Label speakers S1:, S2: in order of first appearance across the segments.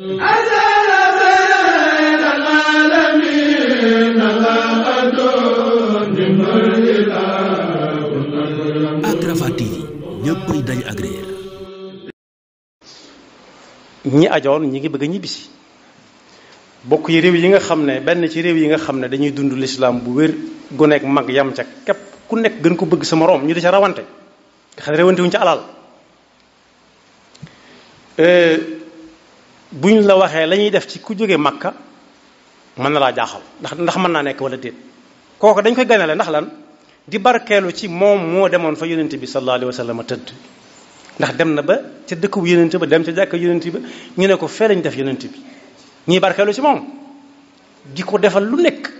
S1: ñi
S2: ajoon ñi ngi bëgg a ñibbisi bokk yi réew yi nga xam ne benn ci réew yi nga xam ne dañuy dund lislaam bu wér gu nekk mag yam ca képp ku nekk gën ko bëgg sama moroom ñu di ca rawante nga xam ne ca alal euh, bu ñu la waxee la ñuy def ci ku jóge makka mën na laa jaaxal ndax ndax mën naa nekk wala déet kooku dañ koy ganale ndax lan di barkeelu ci moom moo demoon fa yonente bi sallallahu alayhi wa sallam tëdd ndax dem na ba ca dëkku yonente ba dem ca jàkk yonente ba ñu ne ko fee lañ def yonente bi ñii barkeelu ci moom di ko defal lu nekk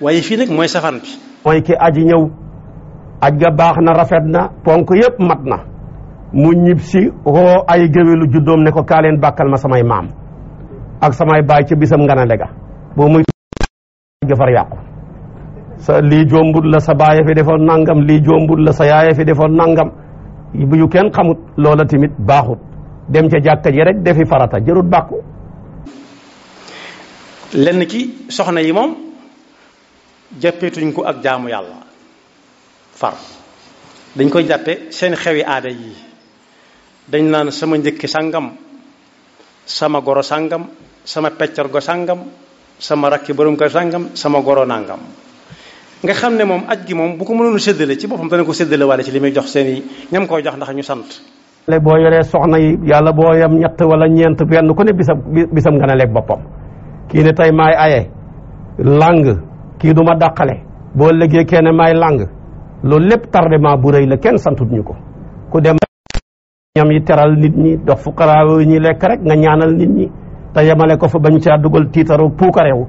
S2: waaye
S1: fii nag mooy safaan bi mooy ki aji ñëw aj ga baax na rafet na ponk yépp mat na mu ñib si woo ay géwélu juddoom ne ko kaa leen bàkkal ma samay maam ak samay baay ca bisam ngana lega boo muy jëfar yàqu sa lii jombut la sa baay fi defoon nangam li jombut la sa yaay fi defoon nangam bu yu kenn xamut loola tamit baaxut dem ca jàkka ji rek defi farata jërut bàkku
S2: lenn ki soxna yi moom jàppeetuñ ko ak jaamu yàlla far dañ koy jàppe seen xewwi aada yi dañ naan sama njëkki sàngam sama goro sàngam sama peccar go sàngam sama rakki borom kër sàngam sama goro nàngam nga xam ne moom aj gi moom bu ko mënoon séddale ci boppam dana ko séddale waale ci li muy jox seen i jox ndax ñu sant
S1: le boo yoree soxna yi yàlla boo yam ñett wala ñeent benn ku ne bisam bisam nga ne leeg boppam kii ne tey maay aye lang kii duma dàqale boo légee kenn maay làng loolu lépp tardement bu rëy la kenn santut ñu ko ku dem ñam yi teral nit ñi dox fuqaraaw lekk rek nga ñaanal nit ñi te yemale ko fa bañ caa dugal tiitaru puukareewu